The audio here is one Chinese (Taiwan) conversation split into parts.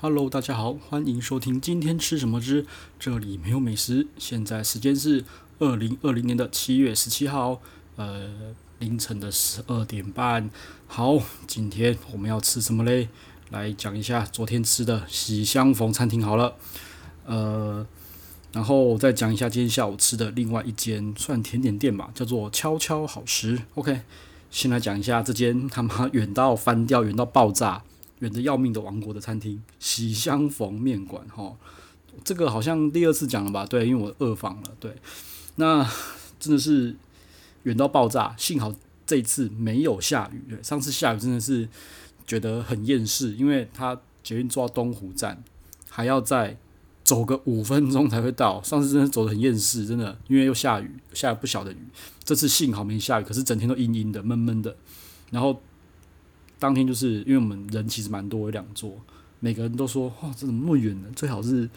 Hello，大家好，歡迎收聽今天吃什麼之這裡沒有美食。現在時間是二零二零年的七月十七號，呃，凌晨的十二點半。好，今天我們要吃什麼嘞？來講一下昨天吃的喜相逢餐廳好了，呃，然後再講一下今天下午吃的另外一間算甜點店吧，叫做悄悄好食。OK，先來講一下這間他媽遠到翻掉，遠到爆炸。遠得要命的王國的餐廳喜相逢麵館哈，這個好像第二次講了吧？對，因為我二訪了。對，那真的是遠到爆炸。幸好這次沒有下雨，對，上次下雨真的是覺得很厭世，因為他捷運坐到東湖站，還要再走個五分鐘才會到。上次真的走得很厭世，真的，因為又下雨，下了不小的雨。這次幸好沒下雨，可是整天都陰陰的、悶悶的，然後。當天就是因為我們人其實蠻多，有兩桌，每個人都說：哇，這怎麼那麼遠呢？最好是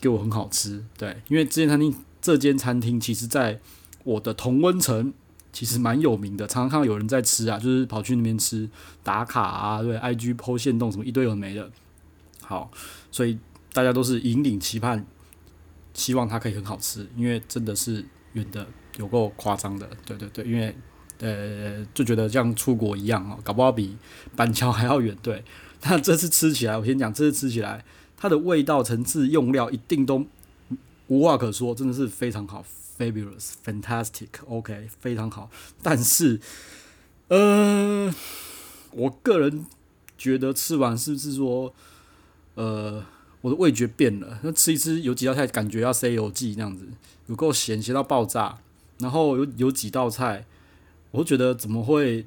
給我很好吃。對，因為這間餐廳這間餐廳其實，在我的同溫層其實蠻有名的，常常看到有人在吃啊，就是跑去那邊吃打卡啊，對，IG PO 限動什麼一堆有人沒的。好，所以大家都是引領期盼，希望它可以很好吃，因為真的是遠得有夠誇張的。對對對，因為。呃，就覺得像出國一樣哦，搞不好比板橋還要遠。對，那這次吃起來，我先講，這次吃起來，它的味道層次、用料一定都無話可說，真的是非常好，fabulous，fantastic，OK，okay，非常好。但是，呃，我個人覺得吃完是不是說，呃，我的味覺變了？那吃一吃有幾道菜，感覺要 say 有記這樣子，有夠鹹鹹到爆炸，然後有有幾道菜。我覺得怎麼會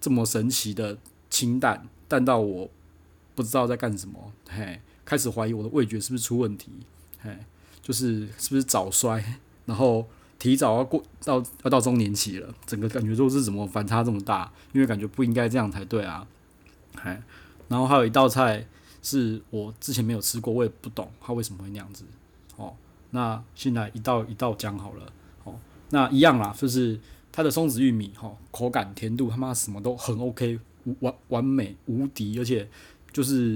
這麼神奇的清淡，淡到我不知道在幹什麼，嘿，開始懷疑我的味覺是不是出問題，嘿，就是是不是早衰，然後提早要過到要到中年期了，整個感覺都是怎麼反差這麼大？因為感覺不應該這樣才對啊，嘿，然後還有一道菜是我之前沒有吃過，我也不懂它為什麼會那樣子。哦，那現在一道一道講好了，哦，那一樣啦，就是。它的松子玉米吼，口感甜度他媽什麼都很 OK，完完美無敵，而且就是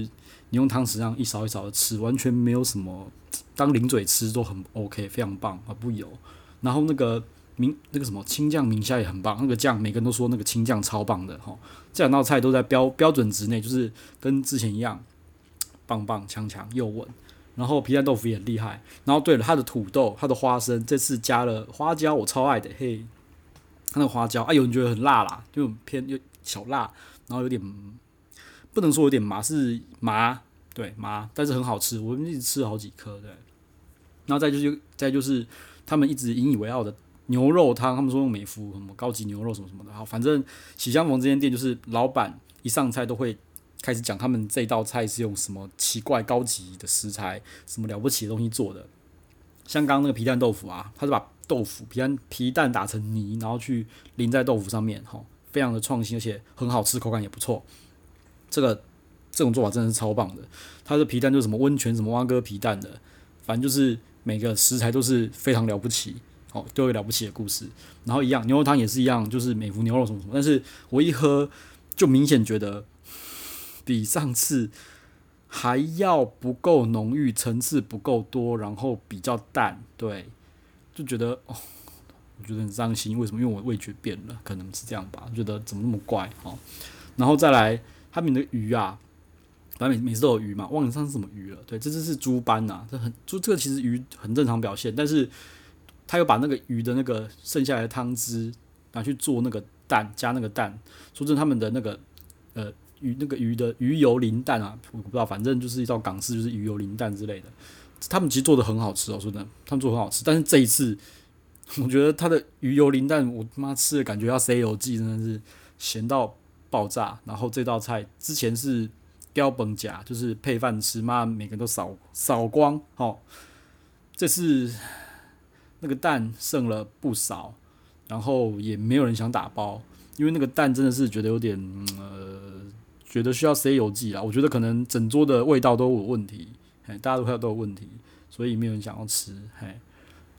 你用湯匙這樣一勺一勺的吃，完全沒有什麼當零嘴吃都很 OK，非常棒而不油。然後那個明，那個什麼青醬明蝦也很棒，那個醬每個人都說那個青醬超棒的哈。這兩道菜都在標標準值內，就是跟之前一樣棒棒強強又穩。然後皮蛋豆腐也厲害。然後對了，它的土豆、它的花生這次加了花椒，我超愛的嘿。他那個花椒啊，哎，有人覺得很辣啦，就偏就小辣，然後有點不能說有點麻是麻，對麻，但是很好吃，我們一直吃好幾顆對。然後再就是再就是他們一直引以為傲的牛肉湯，他們說用美福什麼高級牛肉什麼什麼的，好，反正喜相逢這間店就是老闆一上菜都會開始講他們這道菜是用什麼奇怪高級的食材，什麼了不起的東西做的。像剛剛那個皮蛋豆腐啊，他是把。豆腐皮蛋皮蛋打成泥，然後去淋在豆腐上面，哈，非常的創新，而且很好吃，口感也不錯。這個這種做法真的是超棒的。它的皮蛋就是什麼溫泉、什麼蛙哥皮蛋的，反正就是每個食材都是非常了不起，哦，都有了不起的故事。然後一樣，牛肉湯也是一樣，就是美福牛肉什麼什麼。但是我一喝就明顯覺得比上次還要不夠濃郁，層次不夠多，然後比較淡，對。就覺得哦，我覺得很傷心，為什麼？因為我味覺變了，可能是這樣吧。覺得怎麼那麼怪哦，然後再來他們那個魚啊，反正每、每次都有魚嘛，忘了上是什麼魚了。對，這只是豬斑吶，啊，這很豬，這個其實魚很正常表現，但是他又把那個魚的那個剩下來的湯汁拿去做那個蛋，加那個蛋。說真的他們的那個呃魚那個魚的魚油淋蛋啊，我不知道，反正就是一道港式，就是魚油淋蛋之類的。他們其實做的很好吃哦、喔，說真的，他們做的很好吃。但是這一次，我覺得他的魚油淋蛋，我媽吃的感覺要洗腰子，真的是鹹到爆炸。然後這道菜之前是標本夾，就是配飯吃，媽每個人都掃掃光。哦。這次那個蛋剩了不少，然後也沒有人想打包，因為那個蛋真的是覺得有點，嗯、呃，覺得需要洗腰子啊。我覺得可能整桌的味道都有問題。大家都看到都有問題，所以沒有人想要吃。嘿，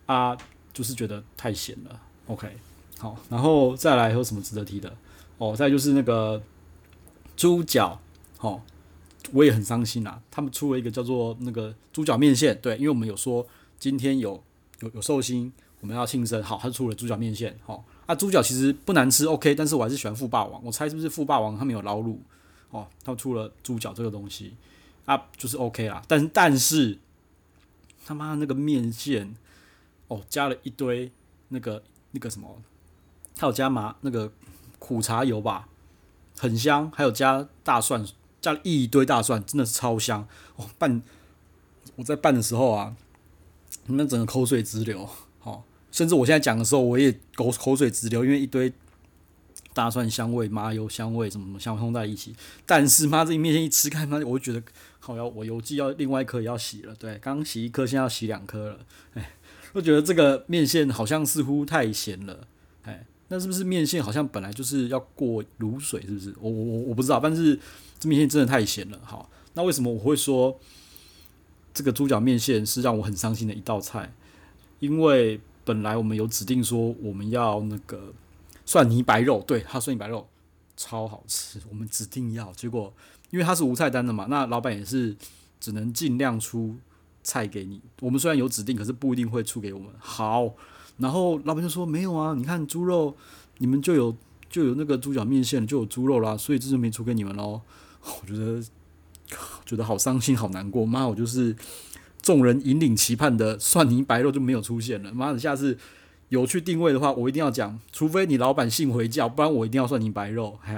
啊，就是覺得太鹹了。OK，好，然後再來有什麼值得提的？哦，再來就是那個豬腳，哦，我也很傷心啊。他們出了一個叫做那個豬腳麵線，對，因為我們有說今天有有有壽星，我們要慶生，好，他出了豬腳麵線，哦，啊，豬腳其實不難吃，OK，但是我還是喜歡富霸王。我猜是不是富霸王他們有老滷？哦，他出了豬腳這個東西。啊，就是 OK 啦，但是但是，他媽那個麵線，哦，加了一堆那個那個什麼，他有加麻那個苦茶油吧，很香，還有加大蒜，加了一堆大蒜，真的是超香，哦，拌我在拌的時候啊，那整個口水直流，哦，甚至我現在講的時候，我也口口水直流，因為一堆。大蒜香味、麻油香味什麼什麼，香通在一起。但是媽這麵線一吃開，媽我就覺得好要我油寄，要另外一顆要洗了。對，剛洗一顆，現在要洗兩顆了。哎，我覺得這個麵線好像似乎太鹹了。哎，那是不是麵線好像本來就是要過滷水？是不是？我我我我不知道。但是這麵線真的太鹹了。好，那為什麼我會說這個豬腳麵線是讓我很傷心的一道菜？因為本來我們有指定說我們要那個。蒜泥白肉。對，他蒜泥白肉超好吃，我們指定要，結果因為他是無菜單的嘛，那老闆也是只能盡量出菜給你。我們雖然有指定，可是不一定會出給我們。好，然後老闆就說沒有啊，你看豬肉，你們就有就有那個豬腳麵線，就有豬肉啦，所以這就沒出給你們咯。我覺得我覺得好傷心，好難過，媽，我就是眾人引領期盼的蒜泥白肉就沒有出現了，媽的，下次，有去訂位的話，我一定要講，除非你老闆信回教，不然我一定要蒜泥白肉，嘿，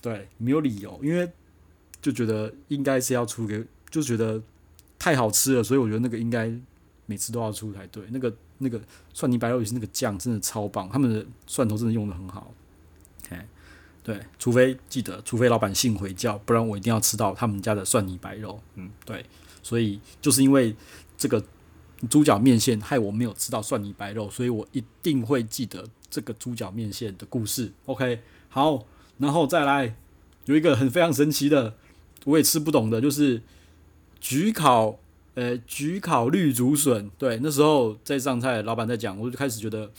對，沒有理由，因為就覺得應該是要出給，就覺得太好吃了，所以我覺得那個應該每次都要出才對。那個那個蒜泥白肉也是那個醬真的超棒，他們的蒜頭真的用得很好，嘿，對，除非記得，除非老闆信回教，不然我一定要吃到他們家的蒜泥白肉。嗯，對，所以就是因為這個。豬腳麵線害我沒有吃到蒜泥白肉，所以我一定會記得這個豬腳麵線的故事。OK，好，然後再來有一個很非常神奇的，我也吃不懂的，就是焗烤，呃、欸，焗烤綠竹筍。對，那時候在上菜，老板在講，我就開始覺得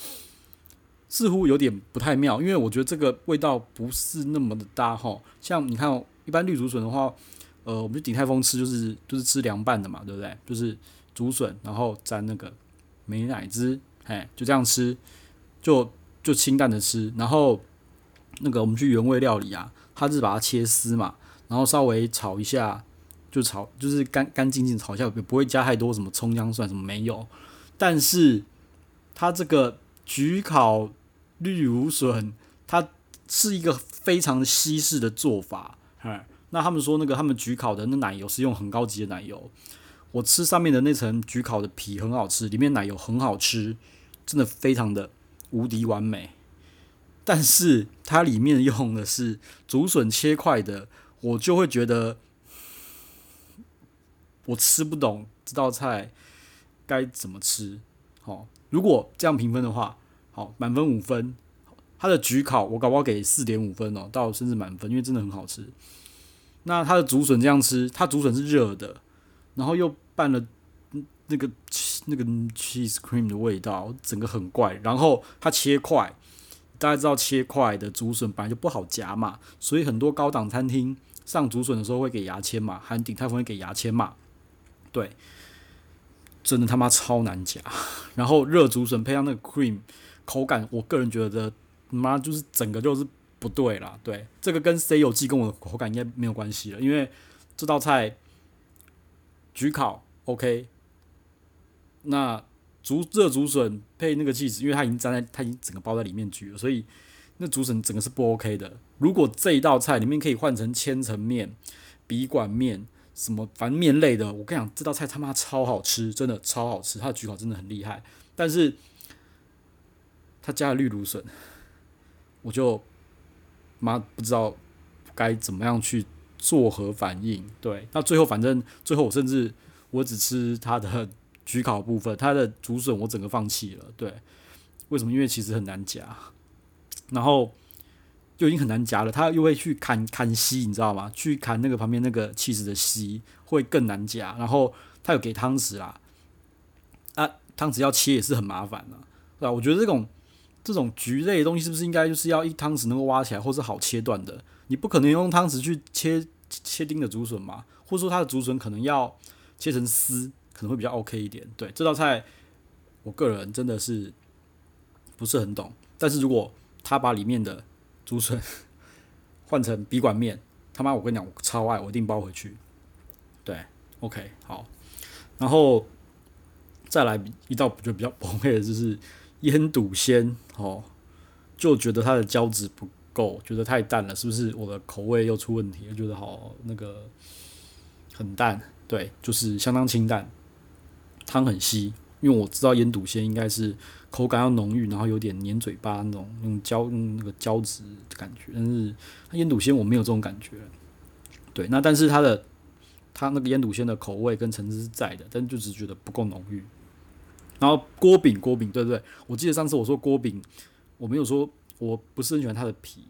似乎有點不太妙，因為我覺得這個味道不是那麼的搭哈。像你看，一般綠竹筍的話，呃，我們就鼎泰豐吃就是就是吃涼拌的嘛，對不對？就是。竹筍，然後沾那個美乃滋。哎，就這樣吃，就就清淡的吃。然後那個我們去原味料理啊，他是把它切絲嘛，然後稍微炒一下，就炒就是乾乾淨淨炒一下，不會加太多什麼蔥薑蒜什麼，沒有。但是它這個焗烤綠竹筍，它是一個非常西式的做法。那他們說那個他們焗烤的那奶油是用很高級的奶油。我吃上面的那層焗烤的皮很好吃，裡面奶油很好吃，真的非常的無敵完美。但是它裡面用的是竹筍切塊的，我就會覺得我吃不懂這道菜該怎麼吃。好，如果這樣評分的話，好，滿分五分，它的焗烤我搞不好給四點五分哦，到甚至滿分，因為真的很好吃。那它的竹筍這樣吃，它竹筍是熱的。然後又拌了那個那個 cheese cream 的味道，整個很怪。然後它切塊，大家知道切塊的竹筍本來就不好夾嘛，所以很多高檔餐廳上竹筍的時候會給牙籤嘛，韓鼎泰豐會給牙籤嘛。對，真的他媽超難夾。然後熱竹筍配上那個 cream，口感我個人覺得媽就是整個就是不對啦。對，這個跟 C 有機跟我的口感應該沒有關係了，因為這道菜。焗烤 OK，那煮竹熱竹筍配那個起司，因為它已經粘在，它已經整個包在裡面焗了，所以那竹筍整個是不 OK 的。如果這一道菜裡面可以換成千層麵、筆管麵什麼，反正麵類的，我跟你講，這道菜他媽超好吃，真的超好吃，他的焗烤真的很厲害。但是他加了綠蘆筍，我就媽不知道該怎麼樣去。作何反應？對，那最後反正最後我甚至我只吃它的焗烤的部分，它的竹筍我整個放棄了。對，為什麼？因為其實很難夾，然後就已經很難夾了，它又會去砍砍絲，你知道嗎？去砍那個旁邊那個起司的絲會更難夾，然後它有給湯匙啦，啊，湯匙要切也是很麻煩的，啊，啊，我覺得這種這種焗類的東西是不是應該就是要一湯匙能夠挖起來，或是好切斷的？.你不可能用湯匙去切切丁的竹筍嘛？或者說它的竹筍可能要切成絲，可能會比較 OK 一點。對這道菜，我個人真的是不是很懂。但是如果他把裡面的竹筍換 成筆管麵，他媽我跟你講，我超愛，我一定包回去。對，OK 好，然後再來一道就比較崩潰的就是醃篤鮮，哦，就覺得它的膠質不。我覺得太淡了，是不是我的口味又出問題了？覺得好那個很淡，對，就是相當清淡，湯很稀。因為我知道醃篤鮮應該是口感要濃郁，然後有點黏嘴巴那種，用膠、嗯、那個膠質的感覺。但是醃篤鮮我沒有這種感覺，對。那但是它的它那個醃篤鮮的口味跟層次是在的，但是就是覺得不夠濃郁。然後鍋餅鍋餅，對不對，對？我記得上次我說鍋餅，我沒有說。我不是很喜歡它的皮，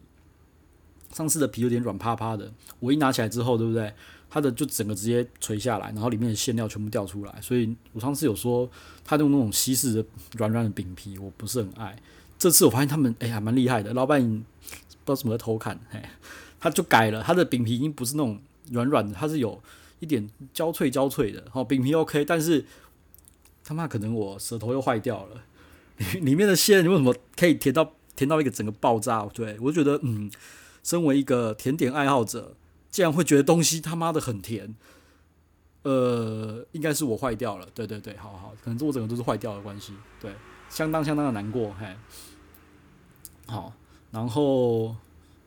上次的皮有點軟趴趴的，我一拿起來之後，對不對？它的就整個直接垂下來，然後裡面的餡料全部掉出來。所以我上次有說，它用那種西式的軟軟的餅皮，我不是很愛。這次我發現他們，哎呀，蠻厲害的，老闆不知道怎麼在偷看，嘿，他就改了，它的餅皮已經不是那種軟軟的，它是有一點焦脆焦脆的。好，餅皮 OK，但是他媽可能我舌頭又壞掉了，裡裡面的餡你為什麼可以填到？甜到一個整個爆炸，對，我就覺得，嗯，身為一個甜點愛好者，竟然會覺得東西他媽的很甜，呃，應該是我壞掉了。對對對，好好，可能是我整個都是壞掉的關係，對，相當相當的難過，嘿。好，然後，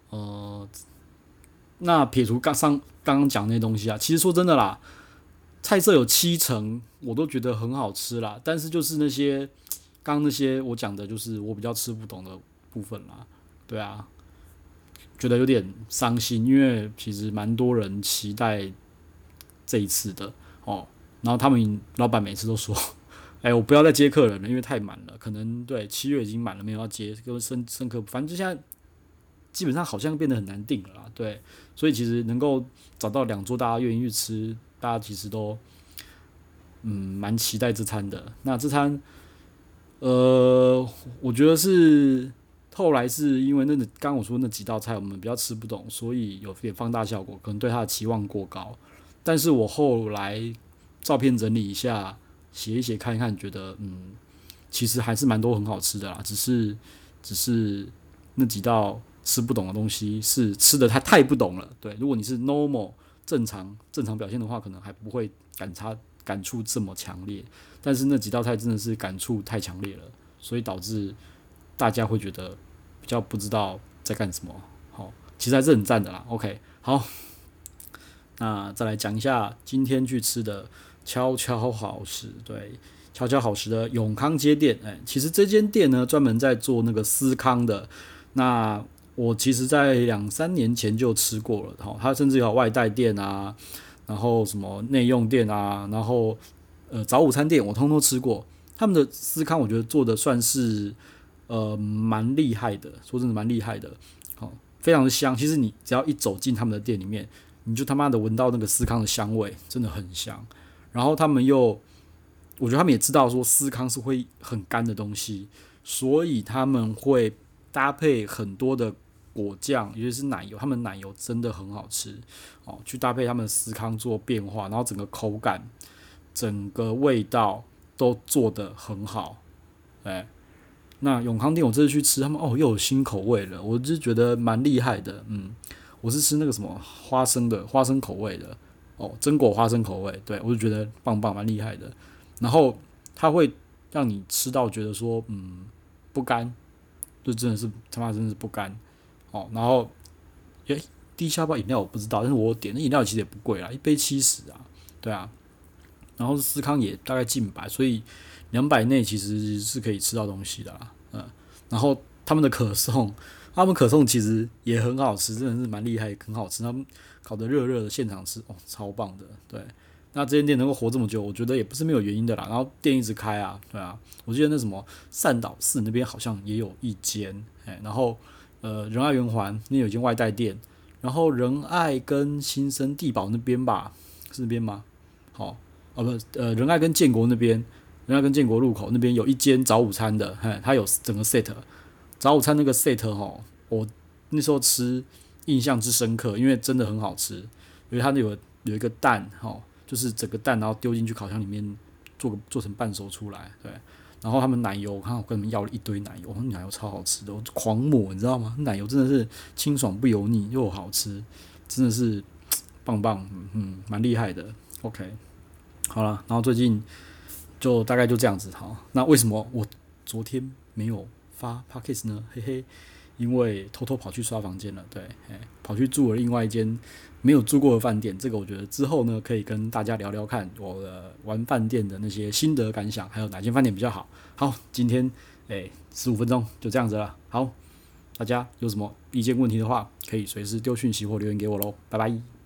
呃，那撇除剛上剛剛講那些東西啊，其實說真的啦，菜色有七成我都覺得很好吃啦，但是就是那些剛那些我講的，就是我比較吃不懂的。部分啦，對啊，覺得有點傷心，因為其實蠻多人期待這一次的哦。然後他們老闆每次都說：“哎、欸，我不要再接客人了，因為太滿了，可能對七月已經滿了，沒有要接跟新新客。’反正就現在基本上好像變得很難訂了啦。”對，所以其實能夠找到兩桌大家願意去吃，大家其實都嗯蠻期待這餐的。那這餐，呃，我覺得是。後來是因為那個剛我說的那幾道菜我們比較吃不懂，所以有點放大效果，可能對它的期望過高。但是我後來照片整理一下，寫一寫看一看，覺得嗯，其實還是蠻多很好吃的啦。只是只是那幾道吃不懂的東西是吃的太太不懂了。對，如果你是 normal 正常正常表現的話，可能還不會感差感觸這麼強烈。但是那幾道菜真的是感觸太強烈了，所以導致。大家會覺得比較不知道在幹什麼，好，其實還是很讚的啦。OK，好，那再來講一下今天去吃的悄悄好食，對，悄悄好食的永康街店，哎，其實這間店呢，專門在做那個司康的。那我其實，在兩三年前就吃過了，好，它甚至有外帶店啊，然後什麼內用店啊，然後呃早午餐店，我通通吃過。他們的司康，我覺得做的算是。呃，蠻厲害的，說真的蠻厲害的，好、哦，非常的香。其實你只要一走進他們的店裡面，你就他媽的聞到那個司康的香味，真的很香。然後他們又，我覺得他們也知道說司康是會很乾的東西，所以他們會搭配很多的果醬，尤其是奶油，他們奶油真的很好吃哦，去搭配他們司康做變化，然後整個口感、整個味道都做得很好，誒那永康店我這次去吃，他們哦又有新口味了，我就覺得蠻厲害的，嗯，我是吃那個什麼花生的花生口味的，哦，榛果花生口味，對我就覺得棒棒，蠻厲害的。然後它會讓你吃到覺得說，嗯，不乾，就真的是他媽真的是不乾，哦，然後誒，低消包飲料我不知道，但是我點的飲料其實也不貴啦，一杯七十啊，對啊。然後司康也大概近百，所以兩百內其實是可以吃到東西的啦。嗯，然後他們的可頌，他們可頌其實也很好吃，真的是蠻厲害，很好吃。他們烤得熱熱的，現場吃，哦，超棒的。對，那這間店能夠活這麼久，我覺得也不是沒有原因的啦。然後店一直開啊，對啊。我記得那什麼善導寺那邊好像也有一間，哎、欸，然後呃仁愛圓環那有一間外帶店，然後仁愛跟新生地堡那邊吧，是那邊嗎？好。哦、啊、不，呃仁愛跟建國那邊，仁愛跟建國路口那邊有一間早午餐的，嘿，它有整個 set，早午餐那個 set 吼，我那時候吃印象之深刻，因為真的很好吃，因為它那有有一個蛋吼，就是整個蛋然後丟進去烤箱裡面做個做成半熟出來，對，然後他們奶油，我看我跟他們要了一堆奶油，奶油超好吃的，我就狂抹，你知道嗎？奶油真的是清爽不油膩又好吃，真的是棒棒，嗯，蠻、嗯、厲害的，OK。好了，然後最近就大概就這樣子好。那為什麼我昨天沒有發 Podcast 呢？嘿嘿，因為偷偷跑去刷房間了。對、欸，跑去住了另外一間沒有住過的飯店。這個我覺得之後呢可以跟大家聊聊看，我的玩飯店的那些心得感想，還有哪間飯店比較好。好，今天哎十五分鐘就這樣子了。好，大家有什麼意見問題的話，可以隨時丟訊息或留言給我嘍。拜拜。